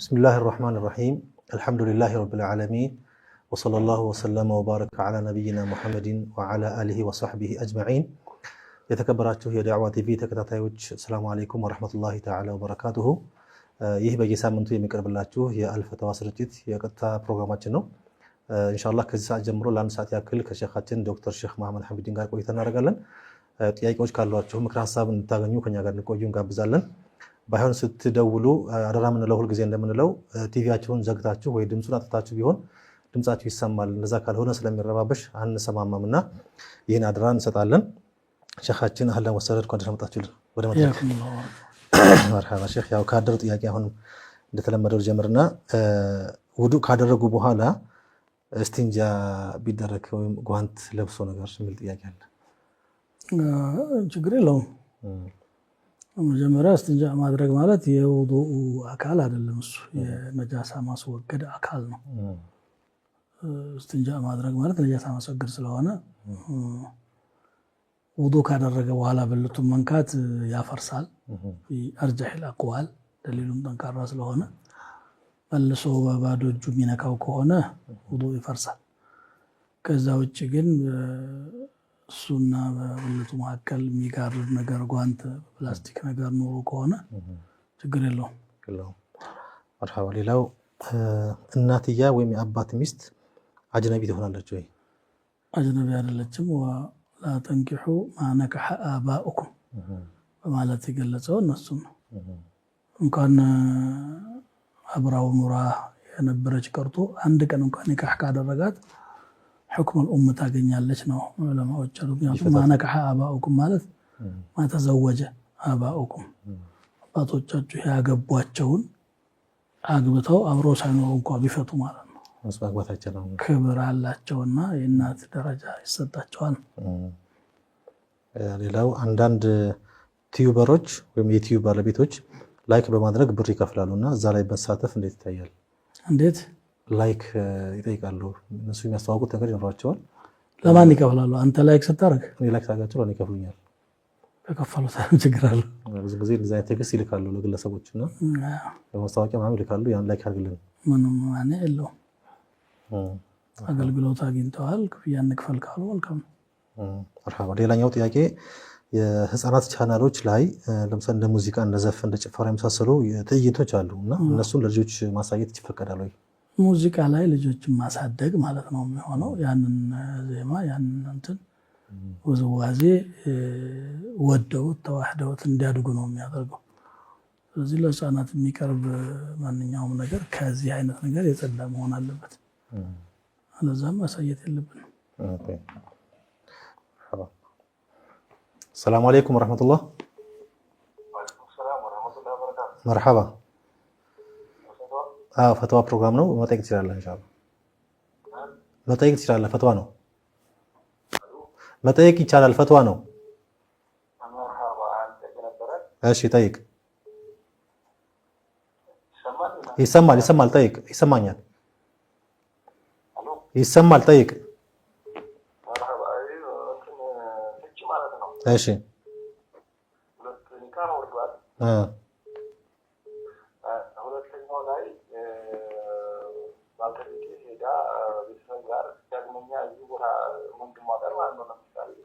ብስሚላህ ራሕማን ራሒም አልሐምዱሊላህ ረብል ዓለሚን ወሰለላሁ ወሰለመ ወባረከ ዓላ ነቢይና ሙሐመድን ወዓላ አሊሂ ወሰሕቢሂ አጅመዒን። የተከበራችሁ የዳዕዋ ቲቪ ተከታታዮች ሰላሙ አለይኩም ወረሕመቱላሂ ተዓላ ወበረካቱሁ። ይህ በየሳምንቱ የሚቀርብላችሁ የአልፈተዋ ስርጭት የቀጥታ ፕሮግራማችን ነው። እንሻላ ከዚህ ሰዓት ጀምሮ ለአንድ ሰዓት ያክል ከሼኻችን ዶክተር ሼክ መሐመድ ሐሚዲን ጋር ቆይታ እናደርጋለን። ጥያቄዎች ካሏችሁ ምክር ሀሳብ እንድታገኙ ከኛ ጋር እንቆዩ እንጋብዛለን። ባይሆን ስትደውሉ አደራ ምንለው ሁልጊዜ እንደምንለው ቲቪያችሁን ዘግታችሁ ወይ ድምፁን አጥታችሁ ቢሆን ድምፃችሁ ይሰማል። እንደዛ ካልሆነ ስለሚረባበሽ አንሰማማም እና ይህን አደራ እንሰጣለን። ሸካችን አህለን ወሰደድ እንኳን ደህና መጣችሁልን። ወደ መርሐባ ያው ካደሩ ጥያቄ አሁን እንደተለመደው ጀምርና ውዱእ ካደረጉ በኋላ እስቲንጃ ቢደረግ ወይም ጓንት ለብሶ ነገር የሚል ጥያቄ አለ። ችግር የለውም መጀመሪያ እስትንጃ ማድረግ ማለት የውዱኡ አካል አይደለም። እሱ የነጃሳ ማስወገድ አካል ነው። እስትንጃ ማድረግ ማለት ነጃሳ ማስወገድ ስለሆነ ውዱ ካደረገ በኋላ ብልቱን መንካት ያፈርሳል። አርጃሒል አቅዋል ደሊሉም ጠንካራ ስለሆነ መልሶ በባዶ እጁ የሚነካው ከሆነ ውዱ ይፈርሳል። ከዛ ውጭ ግን እሱና በብልቱ መካከል የሚጋርድ ነገር ጓንት፣ ፕላስቲክ ነገር ኖሮ ከሆነ ችግር የለውም። መርሓባ። ሌላው እናትያ ወይም የአባት ሚስት አጅነቢ ትሆናለች ወይ? አጅነቢ አይደለችም። ላተንኪሑ ማነካሐ አባኡኩም በማለት የገለጸው እነሱም ነው። እንኳን አብራው ኑራ የነበረች ቀርቶ አንድ ቀን እንኳን ኒካህ ካደረጋት ሕክም ልኡም ታገኛለች ነው ለማዎች አሉ። ምክንያቱም ማነካሐ አባኡኩም ማለት ማተዘወጀ አባኡኩም አባቶቻችሁ ያገቧቸውን አግብተው አብሮ ሳይኖሩ እንኳ ቢፈቱ ማለት ነው። ክብር አላቸውና የእናት ደረጃ ይሰጣቸዋል። ሌላው አንዳንድ ቲዩበሮች ወይም የቲዩብ ባለቤቶች ላይክ በማድረግ ብር ይከፍላሉ እና እዛ ላይ መሳተፍ እንዴት ይታያል? እንዴት ላይክ ይጠይቃሉ። እነሱ የሚያስተዋውቁት ነገር ይኖሯቸዋል። ለማን ይከፍላሉ? አንተ ላይክ ስታደርግ ላይክ ሳጋቸው ለእኔ ይከፍሉኛል። ከከፈሉ ችግር አለ። ብዙ ጊዜ እንደዚህ ዓይነት ቴክስት ይልካሉ ለግለሰቦች እና ለማስታወቂያ ምናምን ይልካሉ። ያን ላይክ አድርግልን ምንም ማን የለው አገልግሎት አግኝተዋል፣ ክፍያ እንክፈል ካሉ መልካም ነው። ሌላኛው ጥያቄ የህፃናት ቻናሎች ላይ ለምሳሌ እንደ ሙዚቃ፣ እንደ ዘፈን፣ እንደ ጭፈራ የመሳሰሉ ትዕይንቶች አሉ እና እነሱን ለልጆች ማሳየት ይፈቀዳል ወይ? ሙዚቃ ላይ ልጆችን ማሳደግ ማለት ነው የሚሆነው። ያንን ዜማ ያንን እንትን ውዝዋዜ ወደውት ተዋህደውት እንዲያድጉ ነው የሚያደርገው። ስለዚህ ለህፃናት የሚቀርብ ማንኛውም ነገር ከዚህ አይነት ነገር የጸዳ መሆን አለበት። አለዛም ማሳየት የለብንም። ሰላሙ አሌይኩም ወረሕመቱላህ መርሐባ ፈትዋ ፕሮግራም ነው መጠየቅ ትችላለህ። እንሻላ መጠየቅ ትችላለህ። ፈትዋ ነው መጠየቅ ይቻላል። ፈትዋ ነው። እሺ ጠይቅ። ይሰማል፣ ይሰማል። ጠይቅ። ይሰማኛል። ይሰማል። ጠይቅ። እሺ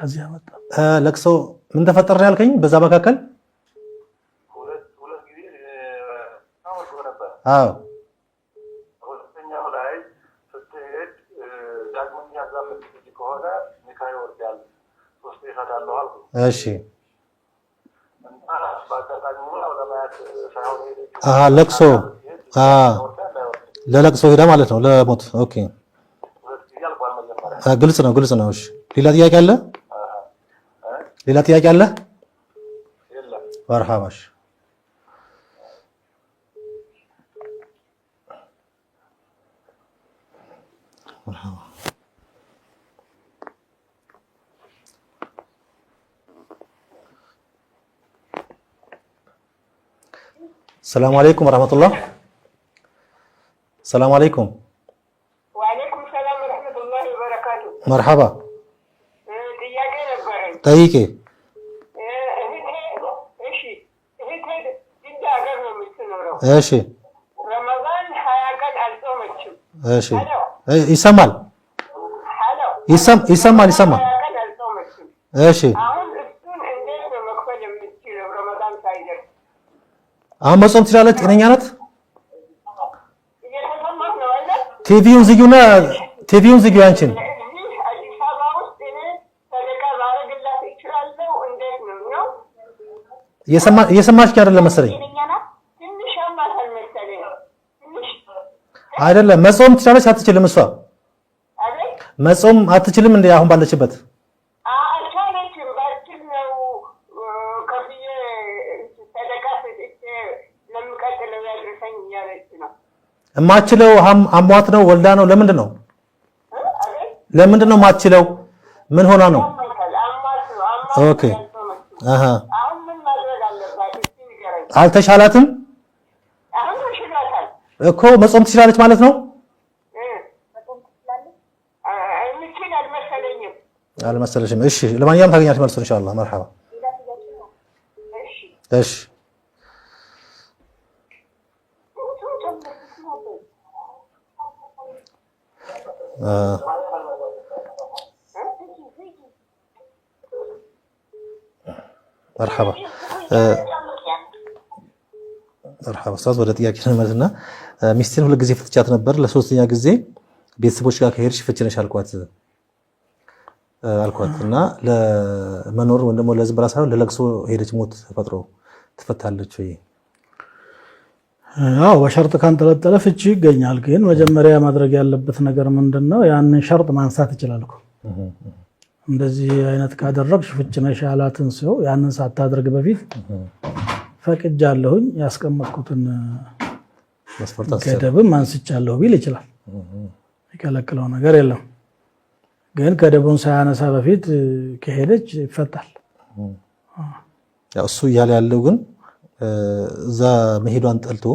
ከዚህ አመጣ ለቅሶ ምን ተፈጠረ ያልከኝ በዛ መካከል አዎ እሺ አሃ ለቅሶ አሃ ለለቅሶ ሄዳ ማለት ነው። ለሞት ኦኬ፣ ግልጽ ነው፣ ግልጽ ነው። እሺ ሌላ ጥያቄ አለ? ሌላ ጥያቄ አለ? መርሃባሽ ሰላሙ አለይኩም ወራህመቱላህ። ሰላሙ አለይኩም ወአለይኩም ሰላም ወራህመቱላህ ወበረካቱ። መርሐባ። ጥያቄ ነበረኝ። ጠይቄ እሺ ረመዳን እሺ ይሰማል ይሰማል ይሰማል። እሺ አሁን መጾም ትችላለች። ጤነኛ ናት። ቲቪውን ዝጊውና ቲቪውን ዝጊው አንቺን እየሰማሽ አይደለም መሰለኝ አይደለም መጾም ትችላለች አትችልም? እሷ መጾም አትችልም እንዴ? አሁን ባለችበት እማችለው አሟት ነው ወልዳ ነው? ለምንድን ነው ለምንድን ነው ማችለው? ምን ሆና ነው? ኦኬ አልተሻላትም እኮ መጾም ትችላለች ማለት ነው። አልመሰለሽም? እሺ፣ ለማንኛውም ታገኛለች መልሱን ኢንሻአላህ። መርሐባ። እሺ መርሐባ ኡስታዝ ወደ ጥያቄ ልመለስና ሚስቴን ሁለት ጊዜ ፍትቻት ነበር። ለሶስተኛ ጊዜ ቤተሰቦች ጋር ከሄድሽ ፍቺ ነሽ አልኳት አልኳት እና ለመኖር ወይም ደግሞ ለዚህ ብላ ሳይሆን ለለቅሶ ሄደች። ሞት ተፈጥሮ ትፈታለች ወይ? አዎ በሸርጥ ካንጠለጠለ ፍቺ ይገኛል። ግን መጀመሪያ ማድረግ ያለበት ነገር ምንድን ነው? ያንን ሸርጥ ማንሳት ይችላል እኮ እንደዚህ አይነት ካደረግሽ ፍች ነሽ ያላትን ያንን ሳታደርግ በፊት ፈቅጃለሁኝ ያስቀመጥኩትን ገደብም አንስቻለሁ ቢል ይችላል። የከለክለው ነገር የለም። ግን ገደቡን ሳያነሳ በፊት ከሄደች ይፈታል። እሱ እያለ ያለው ግን እዛ መሄዷን ጠልቶ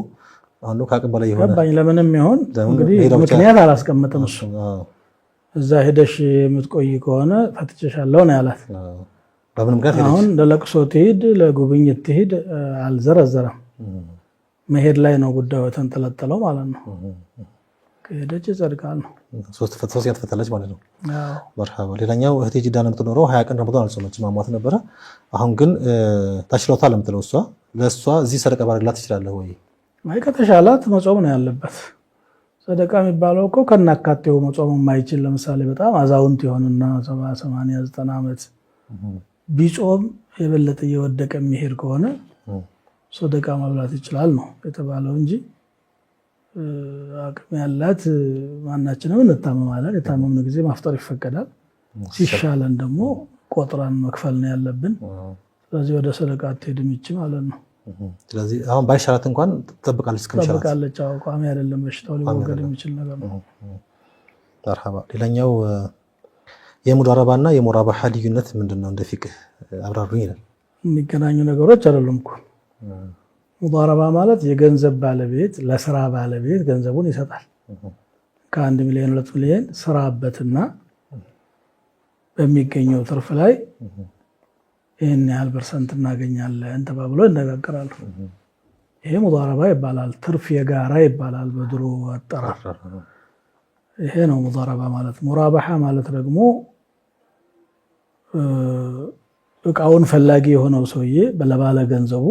አሁን ከአቅም በላይ ገባኝ። ለምንም ይሆን እንግዲህ ምክንያት አላስቀምጥም። እሱ እዛ ሄደሽ የምትቆይ ከሆነ ፈትቼሻለሁ ነው ያላት። አሁን ለለቅሶ ትሄድ ለጉብኝት ትሄድ አልዘረዘረም። መሄድ ላይ ነው ጉዳዩ የተንጠለጠለው ማለት ነው። ከሄደች ይጸድቃል ነው። ሶስት ያትፈታለች ማለት ነው። መርሐባ። ሌላኛው እህቴ ጅዳ ነው የምትኖረው። ሀያ ቀን ረመዳን አልጾመችም አሟት ነበረ። አሁን ግን ታችሎታል የምትለው እሷ ለእሷ እዚህ ሰደቃ ባደርግላት ትችላለህ ወይ? አይ ከተሻላት መጾም ነው ያለበት። ሰደቃ የሚባለው እኮ ከናካቴው መጾም የማይችል ለምሳሌ በጣም አዛውንት የሆነና ሰባ ሰማንያ ዘጠና ዓመት ቢጾም የበለጠ እየወደቀ የሚሄድ ከሆነ ሶደቃ ማብላት ይችላል ነው የተባለው እንጂ አቅም ያላት ማናችንም እንታመማለን። የታመምን ጊዜ ማፍጠር ይፈቀዳል። ሲሻለን ደግሞ ቆጥረን መክፈል ነው ያለብን። ስለዚህ ወደ ሰደቃ አትሄድም ይች ማለት ነው። ስለዚህ አሁን ባይሻላት እንኳን ትጠብቃለች ትጠብቃለች። ቋሚ አይደለም በሽታው ሊወገድ የሚችል ነገር ነው። ሌላኛው የሙዳረባና የሙራባሓ ልዩነት ምንድን ነው? እንደ ፊቅህ አብራሩኝ ይላል። የሚገናኙ ነገሮች አይደሉም እኮ ሙዳረባ ማለት የገንዘብ ባለቤት ለስራ ባለቤት ገንዘቡን ይሰጣል። ከአንድ ሚሊዮን ሁለት ሚሊዮን ስራበትና በሚገኘው ትርፍ ላይ ይህን ያህል ፐርሰንት እናገኛለን ተባብሎ ይነጋገራሉ። ይሄ ሙዳረባ ይባላል። ትርፍ የጋራ ይባላል በድሮ አጠራር። ይሄ ነው ሙዳረባ ማለት። ሙራባሓ ማለት ደግሞ እቃውን ፈላጊ የሆነው ሰውዬ ለባለ ገንዘቡ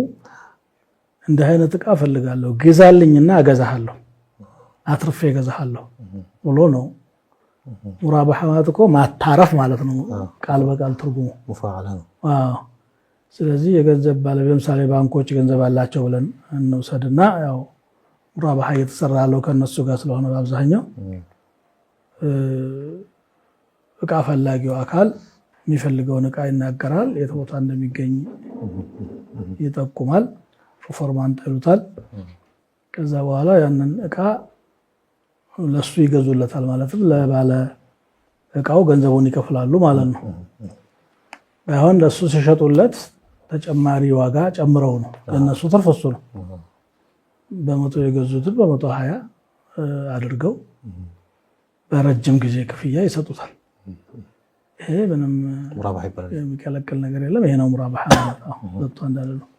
እንዲህ አይነት እቃ ፈልጋለሁ ግዛልኝና እገዛሃለሁ አትርፌ እገዛሃለሁ ብሎ ነው። ሙራባሓ ማለት እኮ ማታረፍ ማለት ነው፣ ቃል በቃል ትርጉሙ። ስለዚህ የገንዘብ ባለቤት ለምሳሌ ባንኮች ገንዘብ አላቸው ብለን እንውሰድና ያው ሙራባሓ እየተሰራ ያለው ከነሱ ጋር ስለሆነ በአብዛኛው እቃ ፈላጊው አካል የሚፈልገውን እቃ ይናገራል። የት ቦታ እንደሚገኝ ይጠቁማል። ሾፈርማን ጠሉታል። ከዛ በኋላ ያንን እቃ ለሱ ይገዙለታል። ማለትም ለባለ እቃው ገንዘቡን ይከፍላሉ ማለት ነው። ባይሆን ለሱ ሲሸጡለት ተጨማሪ ዋጋ ጨምረው ነው። ለነሱ ትርፍ እሱ ነው። በመቶ የገዙትን በመቶ ሀያ አድርገው በረጅም ጊዜ ክፍያ ይሰጡታል። ايه بنم مرابحه بنم كلا كلا غير لا هنا مرابحه اه ضبط عندنا له